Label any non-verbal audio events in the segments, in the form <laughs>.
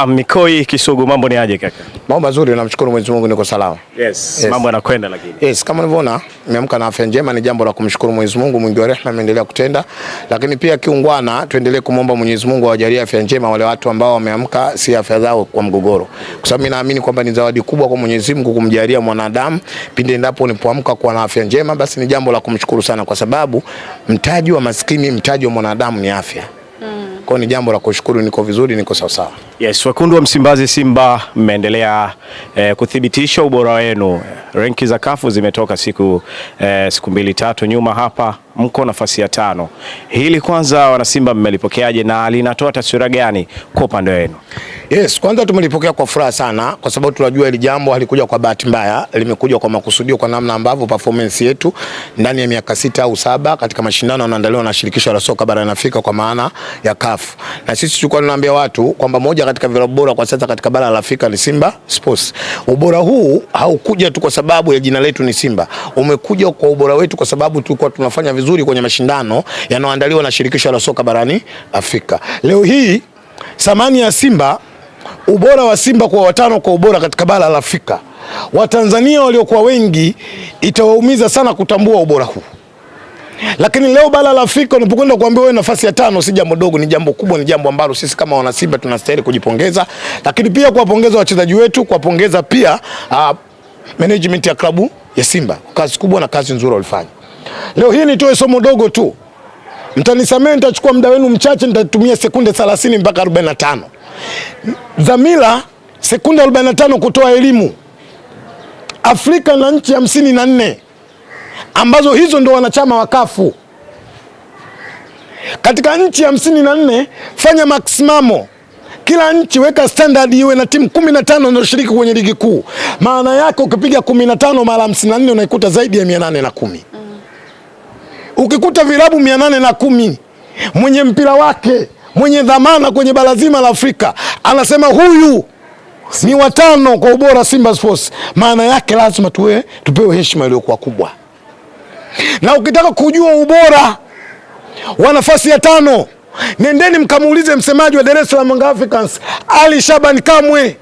Naam, Mikoi Kisugu, mambo ni aje kaka? Mambo mazuri, namshukuru Mwenyezi Mungu niko salama. Yes, yes. Mambo yanakwenda lakini. Yes, kama unavyoona nimeamka na afya njema ni jambo la kumshukuru Mwenyezi Mungu mwingi wa rehema ameendelea kutenda. Lakini pia kiungwana tuendelee kumomba Mwenyezi Mungu awajalie afya njema wale watu ambao wameamka si afya zao kwa mgogoro. Kwa sababu mimi naamini kwamba ni zawadi kubwa kwa Mwenyezi Mungu kumjalia mwanadamu pindi endapo unapoamka kuwa na afya njema basi ni jambo la kumshukuru sana kwa sababu mtaji wa maskini, mtaji wa mwanadamu ni afya. Kwa ni jambo la kushukuru, niko vizuri, niko sawa sawa. Yes, wekundu wa Msimbazi Simba mmeendelea eh, kuthibitisha ubora wenu. Renki za kafu zimetoka siku eh, siku mbili tatu nyuma hapa mko nafasi ya tano. Hili kwanza, wana Simba mmelipokeaje na linatoa taswira gani kwa upande wenu? Yes, kwanza tumelipokea kwa furaha sana, kwa sababu tunajua hili jambo halikuja kwa bahati mbaya, limekuja kwa makusudio, kwa namna ambavyo performance yetu ndani ya miaka sita au saba katika mashindano yanayoandaliwa na shirikisho la soka barani Afrika kwa maana ya CAF, na sisi tulikuwa tunaambia watu kwamba moja katika vilabu bora kwa sasa katika bara la Afrika ni Simba Sports. Ubora huu haukuja tu kwa sababu ya jina letu ni Simba, umekuja kwa ubora wetu kwa sababu tulikuwa tunafanya vizuri kwenye mashindano yanayoandaliwa na shirikisho la soka barani Afrika. Leo hii thamani ya Simba, ubora wa Simba kwa watano kwa ubora katika bara la Afrika, Watanzania waliokuwa wengi itawaumiza sana kutambua ubora huu lakini leo bara la Afrika unapokwenda kuambia wewe nafasi ya tano, si jambo dogo, ni jambo kubwa, ni jambo ambalo sisi kama wana Simba tunastahili kujipongeza, lakini pia kuwapongeza wachezaji wetu, kuwapongeza pia uh, management ya klabu ya Simba, kazi kubwa na kazi nzuri walifanya. Leo hii nitoe somo dogo tu, mtanisamee, nitachukua muda wenu mchache, nitatumia sekunde 30 mpaka 45. Dhamira sekunde 45 kutoa elimu. Afrika na nchi hamsini na nne ambazo hizo ndo wanachama wa kafu katika nchi hamsini na nne fanya masimamo kila nchi weka standard iwe na timu kumi na tano inayoshiriki kwenye ligi kuu. Maana yake ukipiga kumi na tano mara hamsini na nne unaikuta zaidi ya mia nane na kumi. Ukikuta vilabu mia nane na kumi mwenye mpira wake mwenye dhamana kwenye bara zima la Afrika anasema huyu ni watano kwa ubora Simba Sports, maana yake lazima tuwe tupewe heshima iliyokuwa kubwa. Na ukitaka kujua ubora wa nafasi ya tano, nendeni mkamuulize msemaji wa Dar es Salaam Young Africans Ali Shaban Kamwe,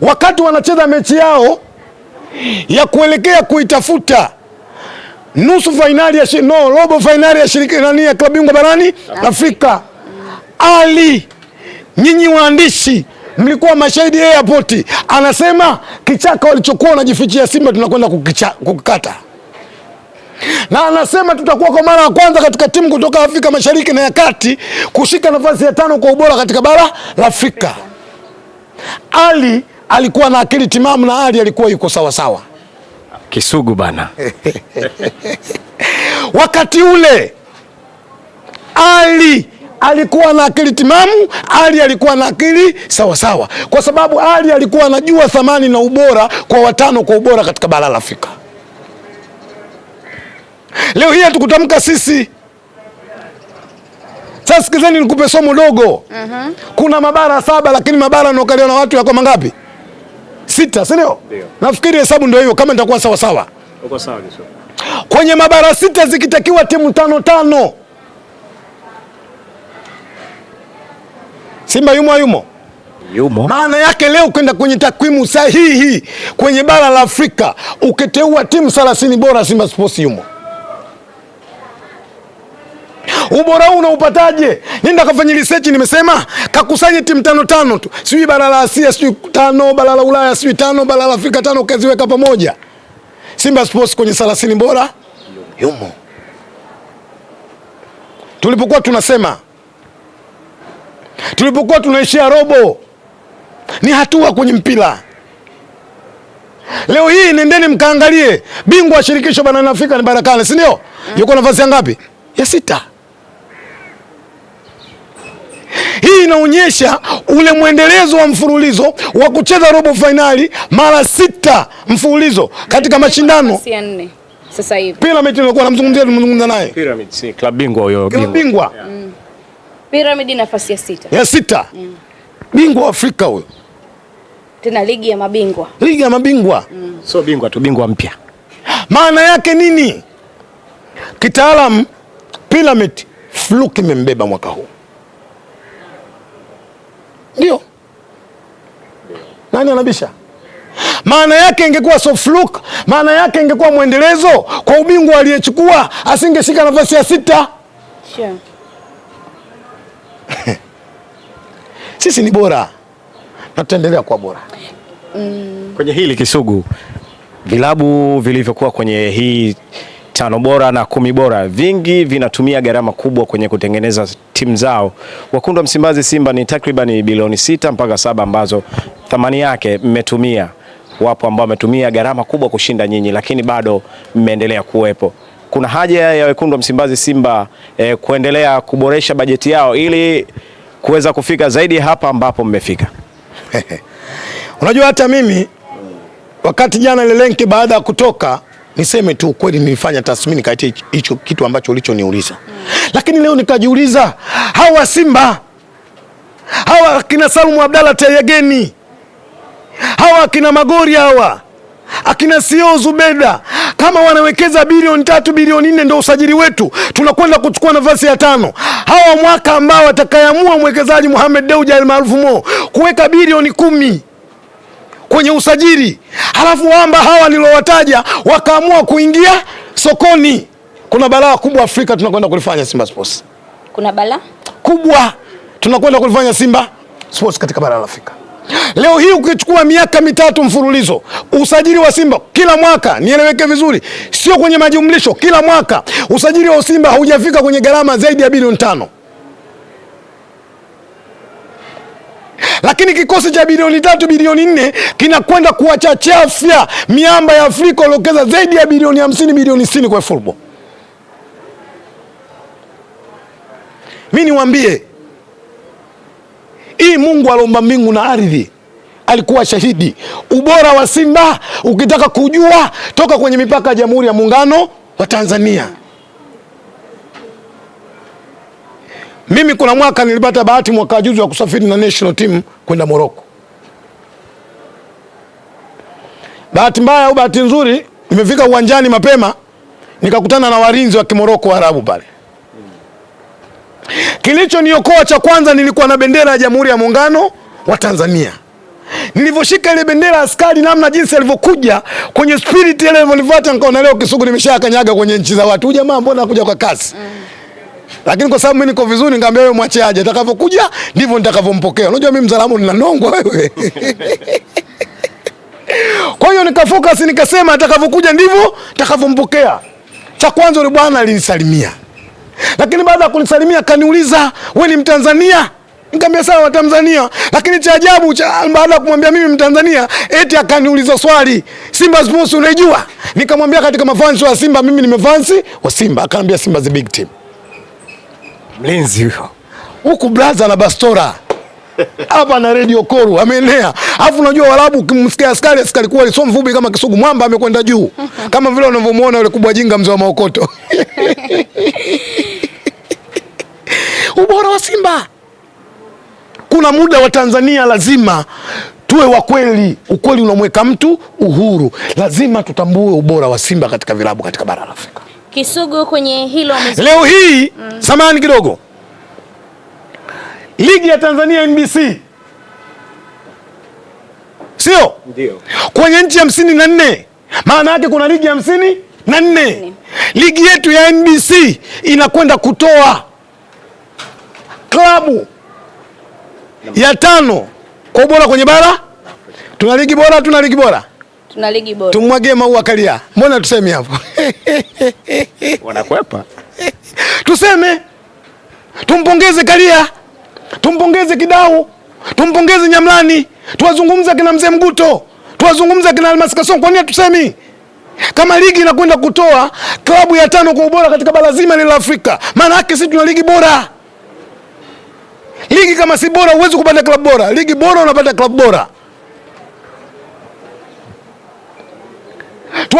wakati wanacheza mechi yao ya kuelekea kuitafuta nusu fainali ya shi, no robo fainali ya shirikani ya klabu bingwa barani Afrika. Ali, nyinyi waandishi mlikuwa mashahidi airport, anasema kichaka walichokuwa wanajifichia Simba tunakwenda kukikata, na anasema tutakuwa kwa mara ya kwanza katika timu kutoka Afrika Mashariki na ya Kati kushika nafasi ya tano kwa ubora katika bara la Afrika. Ali alikuwa na akili timamu na Ali alikuwa yuko sawasawa sawa. Kisugu bana <laughs> wakati ule Ali alikuwa na akili timamu. Ali alikuwa na akili sawasawa, kwa sababu Ali alikuwa anajua thamani na ubora kwa watano kwa ubora katika bara la Afrika. Leo hii hatukutamka sisi. Sasa sikizeni, nikupe somo dogo. uh mhm. -huh. Kuna mabara saba, lakini mabara yanaokaliwa na watu yako mangapi? sita, si ndio? Nafikiri hesabu ndio hiyo, kama nitakuwa sawa sawa. Uko sawa kesho. Kwenye mabara sita zikitakiwa timu tano tano, Simba yumo yumo Yumo. Maana yake leo kwenda kwenye takwimu sahihi kwenye bara la Afrika ukiteua timu 30 bora, Simba Sports yumo ubora huu unaupataje? Nenda kafanya research, nimesema kakusanye timu tano tano tu, sijui bara la Asia, sijui tano bara la Ulaya, sijui tano bara la Afrika, tano kaziweka pamoja, Simba Sports kwenye 30 bora yumo. Tulipokuwa tunasema tulipokuwa tunaishia robo, ni hatua kwenye mpira. Leo hii nendeni mkaangalie, bingwa wa shirikisho barani Afrika ni Barakane, si ndio? Yuko nafasi ya ngapi? Ya sita. Hii inaonyesha ule mwendelezo wa mfululizo wa kucheza robo fainali mara sita mfululizo katika mashindano sasa hivi. Pyramid ilikuwa namzungumzia, tumezungumza naye Pyramid, si klabu bingwa huyo, bingwa bingwa mm. Pyramid nafasi ya sita, ya sita mm. Bingwa wa Afrika huyo, tena ligi ya mabingwa, ligi ya mabingwa mm. Sio bingwa tu, bingwa mpya. Maana yake nini kitaalamu? Pyramid fluke imembeba mwaka huu. Ndio, nani anabisha? Maana yake ingekuwa soft look, maana yake ingekuwa mwendelezo kwa ubingwa aliyechukua, asingeshika nafasi ya sita. Sure. <laughs> Sisi ni bora na tutaendelea kuwa bora mm. Kwenye hili Kisugu, vilabu vilivyokuwa kwenye hii tano bora na kumi bora, vingi vinatumia gharama kubwa kwenye kutengeneza timu zao. Wekundu wa Msimbazi Simba ni takriban bilioni sita mpaka saba ambazo thamani yake mmetumia. Wapo ambao wametumia gharama kubwa kushinda nyinyi, lakini bado mmeendelea kuwepo. Kuna haja ya Wekundu wa Msimbazi Simba eh, kuendelea kuboresha bajeti yao ili kuweza kufika zaidi hapa ambapo mmefika. <laughs> Unajua hata mimi wakati jana ile lenki baada ya kutoka niseme tu kweli nilifanya tathmini kati hicho kitu ambacho ulichoniuliza mm. Lakini leo nikajiuliza hawa Simba hawa akina Salumu Abdalla Tayageni hawa akina Magori hawa akina sio Zubeda kama wanawekeza bilioni tatu bilioni nne ndio usajili wetu, tunakwenda kuchukua nafasi ya tano hawa mwaka ambao atakayeamua mwekezaji Mohamed Deuji almaarufu Mo kuweka bilioni kumi kwenye usajili, halafu wamba hawa niliowataja wakaamua kuingia sokoni. Kuna balaa kubwa Afrika tunakwenda kulifanya Simba Sports. Kuna balaa kubwa tunakwenda kulifanya Simba Sports katika bara la Afrika. Leo hii ukichukua miaka mitatu mfululizo usajili wa Simba kila mwaka, nieleweke vizuri, sio kwenye majumlisho, kila mwaka usajili wa Simba haujafika kwenye gharama zaidi ya bilioni tano. lakini kikosi cha bilioni tatu bilioni nne kinakwenda kuwachachafya miamba ya Afrika waliokeza zaidi ya bilioni hamsini bilioni sitini kwa fulbo. Mi niwambie hii, Mungu alomba mbingu na ardhi alikuwa shahidi. Ubora wa Simba ukitaka kujua, toka kwenye mipaka ya Jamhuri ya Muungano wa Tanzania. Mimi kuna mwaka nilipata bahati mwaka juzi wa kusafiri na national team kwenda Morocco. Bahati mbaya au bahati nzuri, nimefika uwanjani mapema nikakutana na walinzi wa Kimoroko Arabu pale. Kilichoniokoa cha kwanza, nilikuwa na bendera ya Jamhuri ya Muungano wa Tanzania. Nilivyoshika ile bendera, askari namna jinsi alivyokuja kwenye spirit ile, nikaona leo Kisugu nimeshakanyaga kwenye nchi za watu. jamaa mbona anakuja kwa kasi? Lakini kwa sababu mimi niko vizuri, ngambia wewe mwache aje, atakapokuja ndivyo nitakavyompokea. Unajua mimi mzalamu ninanongwa wewe <laughs> kwa hiyo nikafocus, nikasema atakavyokuja ndivyo takavyompokea. Cha kwanza yule bwana alinisalimia, lakini baada ya kunisalimia kaniuliza we ni Mtanzania? Nikamwambia sawa, wa Tanzania. Lakini cha ajabu cha baada ya kumwambia mimi Mtanzania, eti akaniuliza swali, Simba Sports unaijua? Nikamwambia katika mafansi wa Simba, mimi ni mafansi wa Simba. Akaniambia Simba the big team mlinzi huyo huku blaza na bastora hapa na redio Koru ameenea. Alafu unajua Warabu, ukimsikia askari, askari kuwa alisoma mvubi kama kisugu, mwamba amekwenda juu <laughs> kama vile unavyomuona yule kubwa jinga mzee wa maokoto <laughs> ubora wa Simba. Kuna muda wa Tanzania lazima tuwe wa kweli. Ukweli unamweka mtu uhuru, lazima tutambue ubora wa Simba katika vilabu katika bara la Afrika. Kisugu kwenye hilo leo hii mm. Samani kidogo, ligi ya Tanzania NBC sio ndio? Kwenye nchi hamsini na nne maana yake kuna ligi hamsini na nne. Ligi yetu ya NBC inakwenda kutoa klabu ya tano kwa ubora kwenye bara. Tuna ligi bora, tuna ligi bora tuna ligi bora. Tumwagie maua Kalia, mbona tuseme hapo? <laughs> Wanakwepa. Tuseme tumpongeze Kalia, tumpongeze Kidau, tumpongeze Nyamlani, tuwazungumza kina mzee Mguto, tuwazungumza kina Almas Kasongo. Kwa nini tusemi kama ligi inakwenda kutoa klabu ya tano kwa ubora katika bara zima la Afrika? Maana yake sisi tuna ligi bora. Ligi kama si bora, huwezi kupata klabu bora. Ligi bora, unapata klabu bora.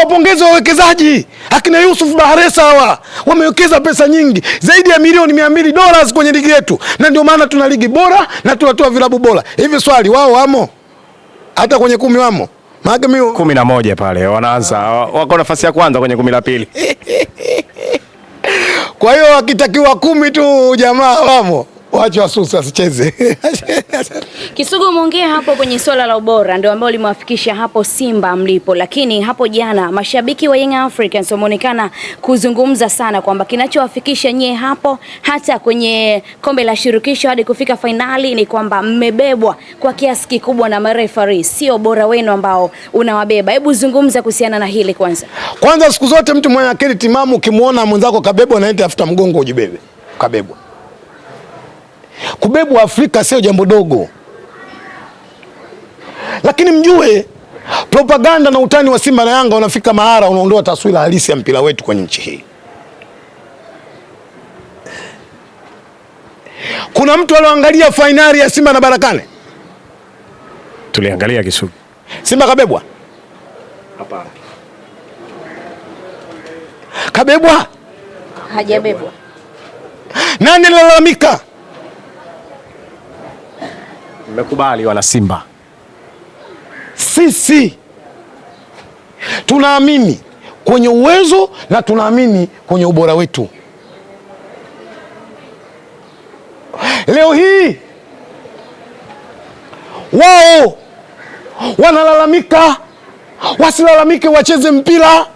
wapongeze wawekezaji akina Yusuf Baharesa, hawa wamewekeza pesa nyingi zaidi ya milioni mia mbili dola kwenye ligi yetu, na ndio maana tuna ligi bora na tunatoa vilabu bora. Hivi swali, wao wamo hata kwenye kumi? Wamo maana kumi na moja pale wanaanza, wako nafasi ya kwanza kwenye kumi la pili. <laughs> Kwa hiyo wakitakiwa kumi tu jamaa wamo waache wasusi wasicheze. <laughs> Kisugu, umeongea hapo kwenye swala la ubora ndio ambao limewafikisha hapo Simba mlipo, lakini hapo jana mashabiki wa Young Africans wameonekana kuzungumza sana kwamba kinachowafikisha nyie hapo hata kwenye kombe la shirikisho hadi kufika fainali ni kwamba mmebebwa kwa kiasi kikubwa na marefari, sio ubora wenu ambao unawabeba. Hebu zungumza kuhusiana na hili kwanza. Kwanza siku zote mtu mwenye akili timamu ukimwona mwenzako kabebwa, naenda afuta mgongo ujibebe, kabebwa Kubebwa Afrika sio jambo dogo, lakini mjue propaganda na utani wa Simba na Yanga unafika mahara unaondoa taswira halisi ya mpira wetu kwenye nchi hii. Kuna mtu alioangalia fainali ya Simba na Barakane? Tuliangalia Kisugu, Simba kabebwa? Hapana. Kabebwa? Hajabebwa. Nani lalamika? Mmekubali wana Simba, sisi tunaamini kwenye uwezo na tunaamini kwenye ubora wetu. Leo hii wao wanalalamika, wasilalamike, wacheze mpira.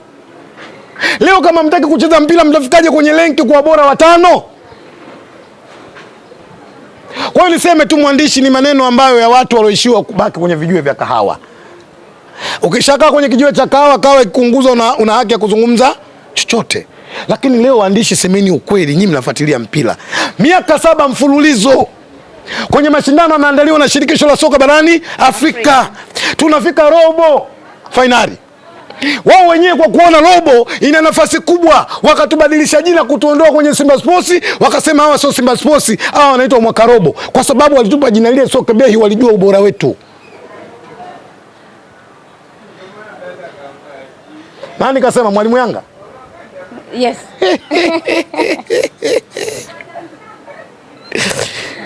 Leo kama mtaki kucheza mpira, mtafikaje kwenye lenki kwa bora watano? Kwa hiyo niseme tu mwandishi, ni maneno ambayo ya watu walioishiwa kubaki kwenye vijue vya kahawa. Ukishakaa kwenye kijue cha kahawa, kawa ikikunguzwa, una, una haki ya kuzungumza chochote. Lakini leo waandishi, semeni ukweli. Nyinyi mnafuatilia mpira miaka saba mfululizo kwenye mashindano yanaandaliwa na shirikisho la soka barani Afrika, tunafika robo fainali wao wenyewe kwa kuona robo ina nafasi kubwa, wakatubadilisha jina kutuondoa kwenye Simba Sports, wakasema hawa sio Simba Sports, hawa wanaitwa mwaka robo, kwa sababu walitupa jina lile Sokebehi, walijua ubora wetu. Nani kasema? Mwalimu Yanga? Yes. <laughs>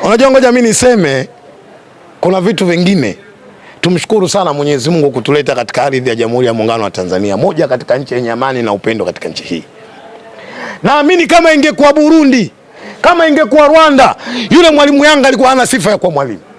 Unajua, ngoja mimi niseme kuna vitu vingine Tumshukuru sana Mwenyezi Mungu kutuleta katika ardhi ya Jamhuri ya Muungano wa Tanzania, moja katika nchi yenye amani na upendo katika nchi hii. Naamini kama ingekuwa Burundi, kama ingekuwa Rwanda, yule Mwalimu Yanga alikuwa hana sifa ya kuwa mwalimu.